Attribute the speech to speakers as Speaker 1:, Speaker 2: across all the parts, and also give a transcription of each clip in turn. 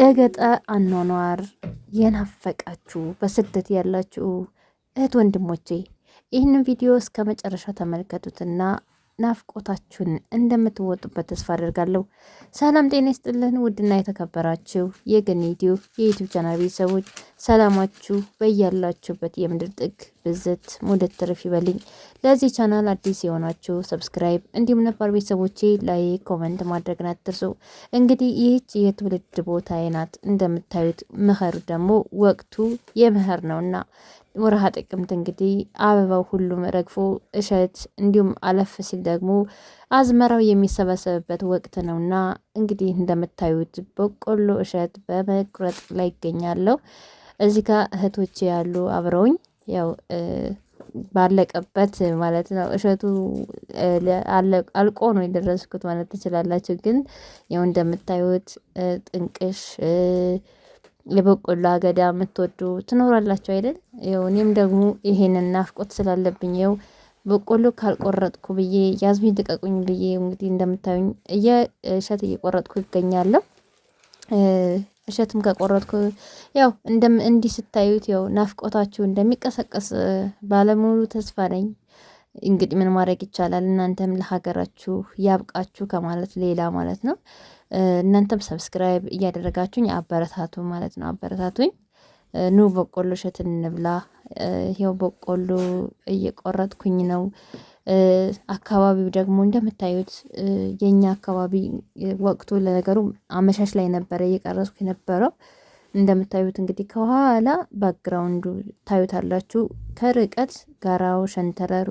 Speaker 1: የገጠር አኗኗር የናፈቃችሁ በስደት ያላችሁ እህት ወንድሞቼ ይህንን ቪዲዮ እስከ መጨረሻ ተመልከቱትና ናፍቆታችሁን እንደምትወጡበት ተስፋ አደርጋለሁ። ሰላም ጤና ይስጥልን። ውድና የተከበራችሁ የገኒዲዮ ዩቲዩብ ቻናል ቤተሰቦች ሰላማችሁ በያላችሁበት የምድር ጥግ ብዝት ሙደት ትርፍ ይበልኝ። ለዚህ ቻናል አዲስ የሆናችሁ ሰብስክራይብ፣ እንዲሁም ነባር ቤተሰቦቼ ላይ ኮመንት ማድረግን አትርሱ። እንግዲህ ይህች የትውልድ ቦታ ናት። እንደምታዩት መኸሩ ደግሞ ወቅቱ የመኸር ነውና ወርሃ ጥቅምት እንግዲህ አበባው ሁሉም ረግፎ እሸት እንዲሁም አለፍ ሲል ደግሞ አዝመራው የሚሰበሰብበት ወቅት ነውና እንግዲህ እንደምታዩት በቆሎ እሸት በመቁረጥ ላይ ይገኛለሁ። እዚህ ጋር እህቶች ያሉ አብረውኝ ያው ባለቀበት ማለት ነው። እሸቱ አልቆ ነው የደረስኩት ማለት ትችላላችሁ። ግን ያው እንደምታዩት ጥንቅሽ የበቆሎ አገዳ የምትወዱ ትኖራላችሁ አይደል? ይኸው እኔም ደግሞ ይሄንን ናፍቆት ስላለብኝ ይኸው በቆሎ ካልቆረጥኩ ብዬ ያዙኝ ልቀቁኝ ብዬ እንግዲህ እንደምታዩኝ እሸት እየቆረጥኩ ይገኛለሁ። እሸትም ከቆረጥኩ ያው እንዲህ ስታዩት ያው ናፍቆታችሁ እንደሚቀሰቀስ ባለሙሉ ተስፋ ነኝ። እንግዲህ ምን ማድረግ ይቻላል? እናንተም ለሀገራችሁ ያብቃችሁ ከማለት ሌላ ማለት ነው። እናንተም ሰብስክራይብ እያደረጋችሁኝ አበረታቱ ማለት ነው። አበረታቱኝ። ኑ በቆሎ እሸት እንብላ። ይኸው በቆሎ እየቆረጥኩኝ ነው። አካባቢው ደግሞ እንደምታዩት የኛ አካባቢ ወቅቱ ለነገሩ አመሻሽ ላይ ነበረ እየቀረጽኩ የነበረው። እንደምታዩት እንግዲህ ከኋላ ባክግራውንዱ ታዩታላችሁ። ከርቀት ጋራው ሸንተረሩ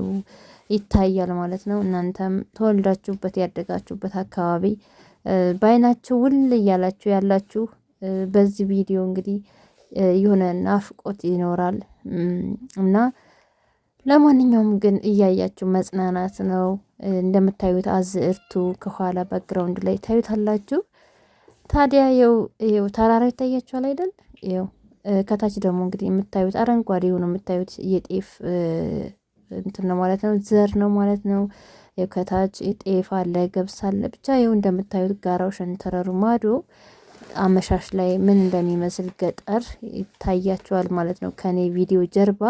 Speaker 1: ይታያል ማለት ነው። እናንተም ተወልዳችሁበት ያደጋችሁበት አካባቢ በአይናቸው ውል እያላችሁ ያላችሁ በዚህ ቪዲዮ እንግዲህ የሆነ ናፍቆት ይኖራል እና ለማንኛውም ግን እያያችሁ መጽናናት ነው። እንደምታዩት አዝዕርቱ ከኋላ ባክግራውንድ ላይ ታዩታላችሁ። ታዲያ ው ው ተራራ ይታያችኋል አይደል? ው ከታች ደግሞ እንግዲህ የምታዩት አረንጓዴ የሆነ የምታዩት የጤፍ እንትን ነው ማለት ነው፣ ዘር ነው ማለት ነው። ከታች ጤፍ አለ፣ ገብስ አለ። ብቻ ይኸው እንደምታዩት ጋራው ሸንተረሩ ማዶ አመሻሽ ላይ ምን እንደሚመስል ገጠር ይታያቸዋል ማለት ነው። ከኔ ቪዲዮ ጀርባ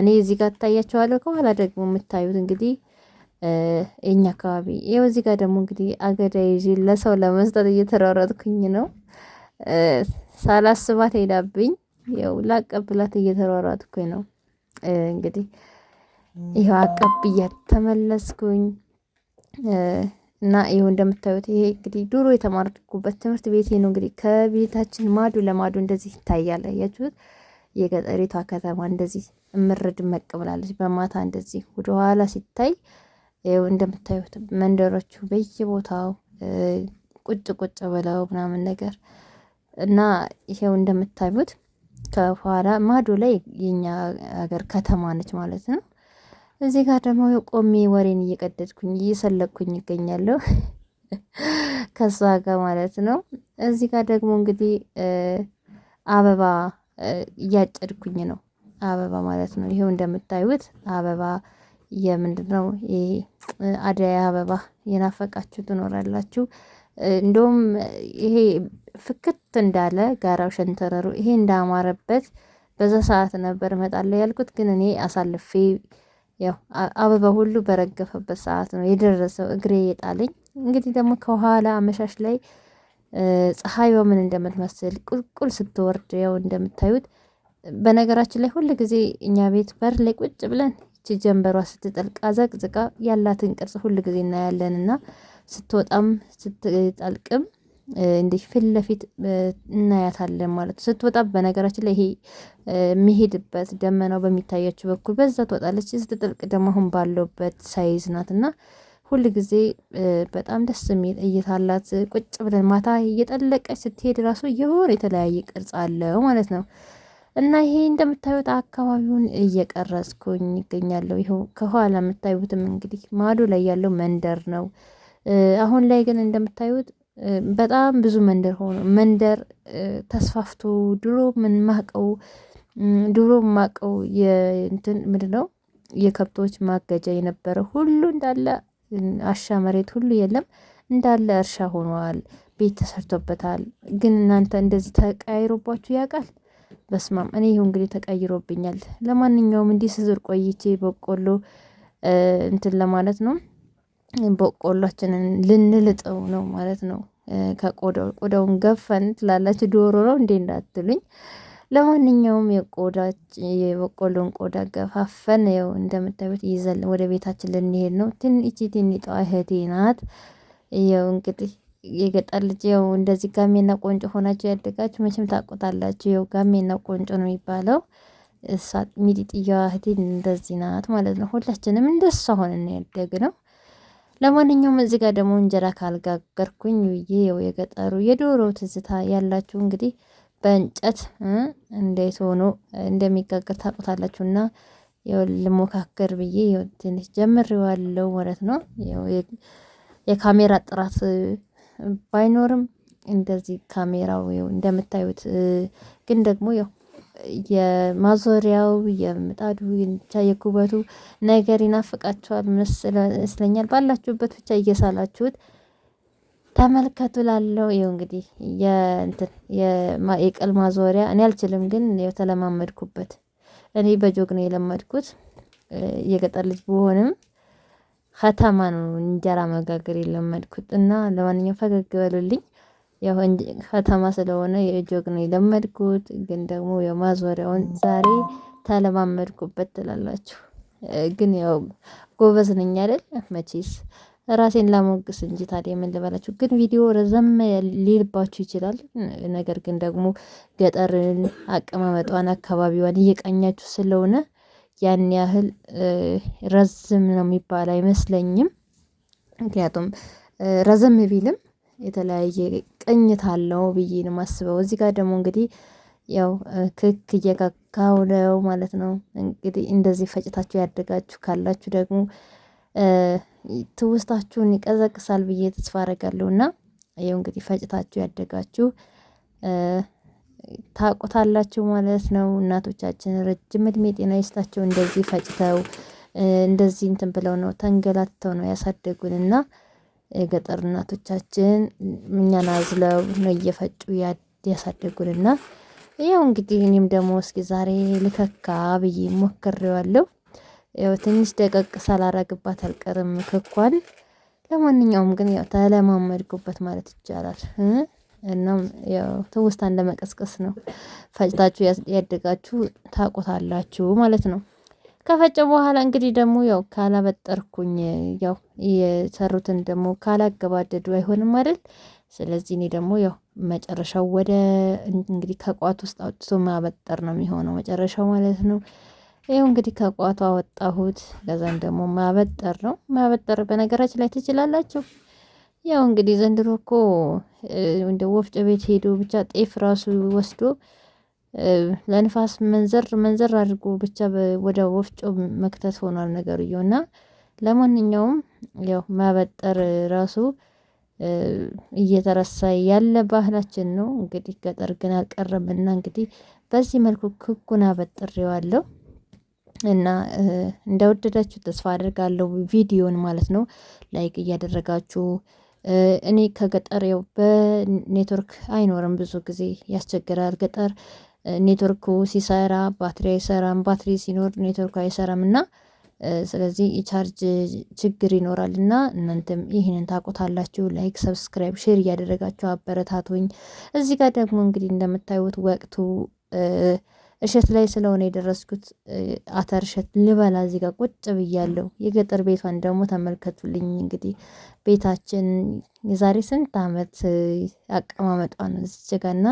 Speaker 1: እኔ እዚህ ጋር ትታያቸዋለሁ። ከኋላ ደግሞ የምታዩት እንግዲህ እኛ አካባቢ ይኸው እዚህ ጋር ደግሞ እንግዲህ አገዳ ይዤ ለሰው ለመስጠት እየተሯሯጥኩኝ ነው። ሳላስባት ሄዳብኝ። ያው ላቀብላት እየተሯሯጥኩኝ ነው እንግዲህ ይኸው አቀብያት ተመለስኩኝ። እና ይኸው እንደምታዩት ይሄ እንግዲህ ድሮ የተማርኩበት ትምህርት ቤቴ ነው። እንግዲህ ከቤታችን ማዶ ለማዶ እንደዚህ ይታያል። አያችሁት? የገጠሪቷ ከተማ እንደዚህ እምርድ ብላለች በማታ እንደዚህ ወደኋላ ሲታይ ይኸው እንደምታዩት መንደሮቹ በየቦታው ቁጭ ቁጭ ብለው ምናምን ነገር እና ይሄው እንደምታዩት ከኋላ ማዶ ላይ የኛ ሀገር ከተማ ነች ማለት ነው። እዚህ ጋር ደግሞ የቆሚ ወሬን እየቀደድኩኝ እየሰለቅኩኝ ይገኛለሁ ከሷ ጋር ማለት ነው። እዚህ ጋር ደግሞ እንግዲህ አበባ እያጨድኩኝ ነው። አበባ ማለት ነው። ይሄው እንደምታዩት አበባ የምንድን ነው ይሄ አደይ አበባ የናፈቃችሁ ትኖራላችሁ። እንደውም ይሄ ፍክት እንዳለ ጋራው ሸንተረሩ ይሄ እንዳማረበት በዛ ሰዓት ነበር እመጣለሁ ያልኩት፣ ግን እኔ አሳልፌ ያው አበባ ሁሉ በረገፈበት ሰዓት ነው የደረሰው እግሬ የጣለኝ። እንግዲህ ደግሞ ከኋላ አመሻሽ ላይ ፀሐይ በምን እንደምትመስል ቁልቁል ስትወርድ ያው እንደምታዩት። በነገራችን ላይ ሁል ጊዜ እኛ ቤት በር ላይ ቁጭ ብለን ይቺ ጀንበሯ ስትጠልቅ አዘቅዝቃ ያላትን ቅርጽ ሁል ጊዜ እናያለንና ስትወጣም ስትጠልቅም እንዲህ ፊት ለፊት እናያታለን ማለት ነው። ስትወጣ በነገራችን ላይ ይሄ የሚሄድበት ደመናው በሚታያችሁ በኩል በዛ ትወጣለች። ስትጥልቅ ደግሞ አሁን ባለውበት ሳይዝ ናት እና ሁል ጊዜ በጣም ደስ የሚል እይታ አላት። ቁጭ ብለን ማታ እየጠለቀች ስትሄድ ራሱ የሆነ የተለያየ ቅርጽ አለው ማለት ነው እና ይሄ እንደምታዩት አካባቢውን እየቀረጽኩኝ ይገኛለሁ። ይኸው ከኋላ የምታዩትም እንግዲህ ማዶ ላይ ያለው መንደር ነው። አሁን ላይ ግን እንደምታዩት በጣም ብዙ መንደር ሆኖ መንደር ተስፋፍቶ ድሮ ማቀው ድሮ ማቀው የእንትን ነው የከብቶች ማገጃ የነበረ ሁሉ እንዳለ አሻ መሬት ሁሉ የለም እንዳለ እርሻ ሆኗል። ቤት ተሰርቶበታል። ግን እናንተ እንደዚህ ተቀያይሮባችሁ ያውቃል? በስማም እኔ ይሁ እንግዲህ ተቀይሮብኛል። ለማንኛውም እንዲህ ስዝር ቆይቼ በቆሎ እንትን ለማለት ነው በቆሏችንን ልንልጠው ነው ማለት ነው። ከቆዳው ቆዳውን ገፈን ትላላችሁ ዶሮ ነው እንዴ እንዳትሉኝ። ለማንኛውም የቆዳ የበቆሎን ቆዳ ገፋፈን ው እንደምታዩት ይዘል ወደ ቤታችን ልንሄድ ነው። ትን እቺ ትንሿ እህቴ ናት። ያው እንግዲህ የገጠር ልጅ ያው እንደዚህ ጋሜና ቆንጮ ሆናችሁ ያደጋችሁ መቼም ታቆጣላችሁ። ያው ጋሜና ቆንጮ ነው የሚባለው። እሷ ሚጢጥያዋ እህቴ እንደዚህ ናት ማለት ነው። ሁላችንም እንደሷ ሆነን ያደግ ነው። ለማንኛውም እዚህ ጋር ደግሞ እንጀራ ካልጋገርኩኝ ብዬ ው የገጠሩ የዶሮ ትዝታ ያላችሁ እንግዲህ በእንጨት እንዴት ሆኖ እንደሚጋገር ታውቁታላችሁና ልሞካከር ብዬ ትንሽ ጀምሬዋለሁ ማለት ነው። የካሜራ ጥራት ባይኖርም እንደዚህ ካሜራው እንደምታዩት ግን ደግሞ የማዞሪያው የምጣዱ ብቻ የኩበቱ ነገር ይናፍቃችኋል ይመስለኛል። ባላችሁበት ብቻ እየሳላችሁት ተመልከቱ። ላለው ይኸው እንግዲህ የእንትን ማዞሪያ እኔ አልችልም፣ ግን የተለማመድኩበት እኔ በጆግ ነው የለመድኩት። የገጠር ልጅ ብሆንም ከተማ ነው እንጀራ መጋገር የለመድኩት እና ለማንኛውም ፈገግ በሉልኝ። ያው ከተማ ስለሆነ የጆግ ነው የለመድኩት ግን ደግሞ የማዞሪያውን ዛሬ ተለማመድኩበት ትላላችሁ። ግን ያው ጎበዝ ነኝ አይደል? መቼስ ራሴን ላሞግስ እንጂ ታዲያ ምን ልበላችሁ። ግን ቪዲዮ ረዘም ሊልባችሁ ይችላል። ነገር ግን ደግሞ ገጠርን፣ አቀማመጧን፣ አካባቢዋን እየቃኛችሁ ስለሆነ ያን ያህል ረዝም ነው የሚባል አይመስለኝም። ምክንያቱም ረዘም ቢልም የተለያየ ቅኝት አለው ብዬ ነው ማስበው። እዚህ ጋር ደግሞ እንግዲህ ያው ክክ እየቀካሁ ነው ማለት ነው። እንግዲህ እንደዚህ ፈጭታችሁ ያደጋችሁ ካላችሁ ደግሞ ትውስታችሁን ይቀዘቅሳል ብዬ ተስፋ አረጋለሁ። እና ይኸው እንግዲህ ፈጭታችሁ ያደጋችሁ ታቆታላችሁ ማለት ነው። እናቶቻችን ረጅም እድሜ ጤና ይስጣቸው። እንደዚህ ፈጭተው እንደዚህ እንትን ብለው ነው ተንገላትተው ነው ያሳደጉን እና የገጠር እናቶቻችን እኛን አዝለው ነው እየፈጩ ያሳደጉንና ያው እንግዲህ እኔም ደግሞ እስኪ ዛሬ ልከካ ብዬ ሞክሬዋለሁ። ያው ትንሽ ደቀቅ ሳላረግባት አልቀርም ክኳን። ለማንኛውም ግን ያው ተለማመድኩበት ማለት ይቻላል። እናም ያው ትውስታን ለመቀስቀስ ነው። ፈጭታችሁ ያደጋችሁ ታቆታላችሁ ማለት ነው። ከፈጨ በኋላ እንግዲህ ደግሞ ያው ካላበጠርኩኝ ያው የሰሩትን ደግሞ ካላገባደዱ አይሆንም አይደል? ስለዚህ እኔ ደግሞ ያው መጨረሻው ወደ እንግዲህ ከቋት ውስጥ አውጥቶ ማበጠር ነው የሚሆነው መጨረሻው ማለት ነው። ይኸው እንግዲህ ከቋቱ አወጣሁት። ከዛም ደግሞ ማበጠር ነው ማበጠር በነገራችን ላይ ትችላላችሁ። ያው እንግዲህ ዘንድሮ እኮ እንደ ወፍጮ ቤት ሄዶ ብቻ ጤፍ ራሱ ወስዶ ለንፋስ መንዘር መንዘር አድርጎ ብቻ ወደ ወፍጮ መክተት ሆኗል እዩ እና ለማንኛውም ያው ማበጠር ራሱ እየተረሳ ያለ ባህላችን ነው። እንግዲህ ገጠር ግን አልቀረምና እንግዲህ በዚህ መልኩ ክኩን አበጥሬዋለሁ እና እንደወደዳችሁ ተስፋ አድርጋለሁ። ቪዲዮን ማለት ነው ላይክ እያደረጋችሁ እኔ ከገጠር ያው በኔትወርክ አይኖርም ብዙ ጊዜ ያስቸግራል ገጠር ኔትወርኩ ሲሰራ ባትሪ አይሰራም ባትሪ ሲኖር ኔትወርኩ አይሰራም እና ስለዚህ የቻርጅ ችግር ይኖራል እና እናንተም ይህንን ታውቁታላችሁ። ላይክ ሰብስክራይብ ሼር እያደረጋችሁ አበረታቱኝ። እዚህ ጋር ደግሞ እንግዲህ እንደምታዩት ወቅቱ እሸት ላይ ስለሆነ የደረስኩት አተር እሸት ልበላ እዚህ ጋር ቁጭ ብያለሁ። የገጠር ቤቷን ደግሞ ተመልከቱልኝ። እንግዲህ ቤታችን የዛሬ ስንት ዓመት አቀማመጧ ነው እዚህ ጋር እና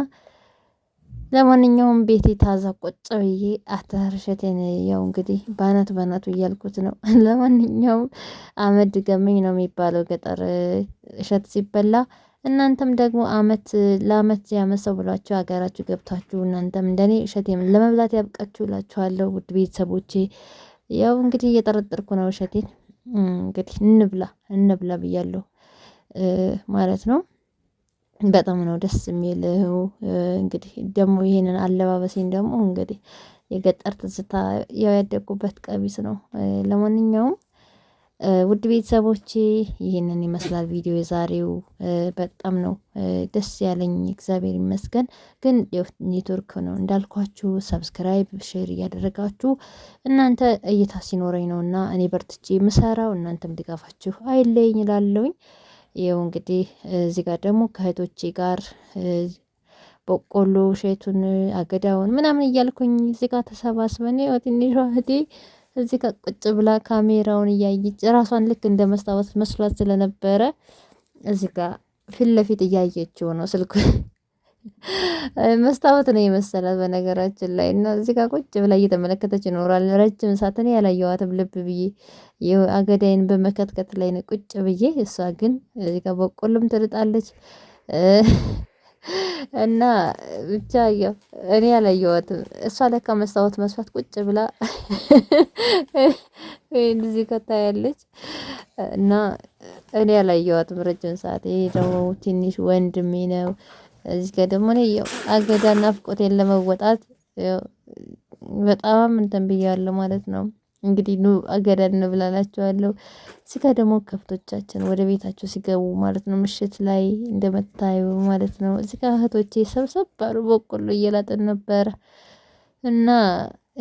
Speaker 1: ለማንኛውም ቤቴ ታዛ ቆጭ ብዬ አተርሸቴን ያው እንግዲህ ባናት ባናቱ እያልኩት ነው። ለማንኛውም አመድ ገመኝ ነው የሚባለው ገጠር እሸት ሲበላ። እናንተም ደግሞ አመት ለአመት ያመሰው ሰው ብሏችሁ ሀገራችሁ ገብታችሁ እናንተም እንደኔ እሸት ለመብላት ያብቃችሁ እላችኋለሁ። ውድ ቤተሰቦቼ ያው እንግዲህ እየጠረጠርኩ ነው እሸቴን እንግዲህ እንብላ እንብላ ብያለሁ ማለት ነው። በጣም ነው ደስ የሚለው። እንግዲህ ደግሞ ይሄንን አለባበሴን ደግሞ እንግዲህ የገጠር ትዝታ ያው ያደጉበት ቀሚስ ነው። ለማንኛውም ውድ ቤተሰቦቼ ይህንን ይመስላል ቪዲዮ የዛሬው በጣም ነው ደስ ያለኝ እግዚአብሔር ይመስገን። ግን ኔትወርክ ነው እንዳልኳችሁ ሰብስክራይብ ሼር እያደረጋችሁ እናንተ እይታ ሲኖረኝ ነው እና እኔ በርትቼ የምሰራው እናንተም ድጋፋችሁ አይለኝ እላለሁኝ። ይኸው እንግዲህ እዚህ ጋር ደግሞ ከእህቶቼ ጋር በቆሎ ሼቱን አገዳውን ምናምን እያልኩኝ እዚህ ጋር ተሰባስበን ይኸው ትንሿ እህቴ እዚህ ጋር ቁጭ ብላ ካሜራውን እያየች ራሷን ልክ እንደ መስታወት መስሏት ስለነበረ እዚህ ጋር ፊት ለፊት እያየችው ነው ስልኩ መስታወት ነው የመሰላት በነገራችን ላይ እና እዚህ ጋር ቁጭ ብላ እየተመለከተች ይኖራል። ረጅም ሰዓት እኔ ያላየኋትም ልብ ብዬ አገዳይን በመከትከት ላይ ነው ቁጭ ብዬ። እሷ ግን እዚህ ጋር በቆሎም ትልጣለች እና ብቻ ያው እኔ ያላየኋትም እሷ ለካ መስታወት መስፋት ቁጭ ብላ እዚህ ጋር ታያለች እና እኔ ያላየኋትም ረጅም ሰዓት። ይሄ ደግሞ ትንሽ ወንድሜ ነው እዚህ ጋር ደግሞ እኔ አገዳ ናፍቆቴን ለመወጣት በጣም እንትን ብያለሁ ማለት ነው። እንግዲህ ኑ አገዳ እንብላ እዚህ ጋር ደግሞ ከብቶቻችን ወደ ቤታቸው ሲገቡ ማለት ነው፣ ምሽት ላይ እንደምታዩ ማለት ነው። እዚህ ጋር እህቶቼ ሰብሰብ በቆሎ እየላጥን ነበር እና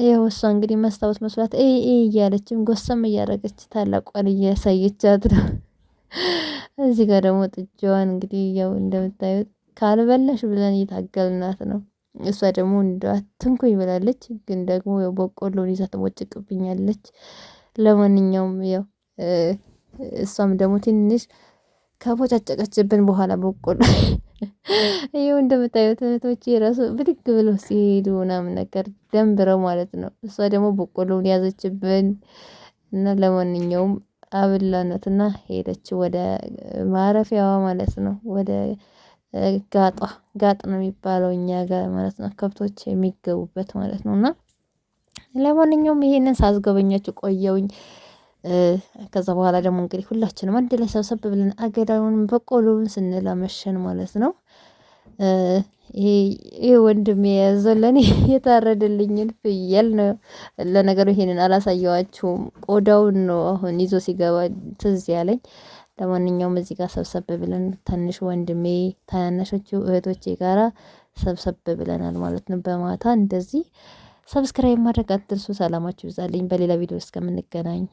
Speaker 1: ይኸው እሷ እንግዲህ መስታወት መስሏት እይ እይ እያለችም ጎሰም እያደረገች ታላቋን እያሳየቻት ነው። እዚህ ጋር ደግሞ ጥጃዋን እንግዲህ ያው እንደምታዩት ካልበላሽ ብለን እየታገልናት ነው። እሷ ደግሞ እንደ ትንኩኝ ብላለች፣ ግን ደግሞ በቆሎን ይዛ ትቦጭቅብኛለች። ለማንኛውም ያው እሷም ደግሞ ትንሽ ከቦጫጨቀችብን በኋላ በቆሎ ይኸው እንደምታዩት እህቶቼ ብድግ ብሎ ሲሄዱ ምናምን ነገር ደንብረው ማለት ነው። እሷ ደግሞ በቆሎውን ያዘችብን እና ለማንኛውም አብላነትና ሄደች ወደ ማረፊያዋ ማለት ነው ወደ ጋጧ ጋጥ ነው የሚባለው እኛ ጋር ማለት ነው። ከብቶች የሚገቡበት ማለት ነው። እና ለማንኛውም ይሄንን ሳስጎበኛችሁ ቆየውኝ ከዛ በኋላ ደግሞ እንግዲህ ሁላችንም አንድ ላይ ሰብሰብ ብለን አገዳውን በቆሎውን ስንላመሸን ማለት ነው። ይሄ ወንድም የያዘው ለኔ የታረደልኝን ፍየል ነው። ለነገሩ ይሄንን አላሳየዋችሁም። ቆዳውን ነው አሁን ይዞ ሲገባ ትዝ ያለኝ። ለማንኛውም እዚህ ጋር ሰብሰብ ብለን ትንሽ ወንድሜ ታናናሾቹ እህቶቼ ጋራ ሰብሰብ ብለናል ማለት ነው። በማታ እንደዚህ ሰብስክራይብ ማድረግ አትርሱ። ሰላማችሁ ይብዛልኝ። በሌላ ቪዲዮ እስከምንገናኝ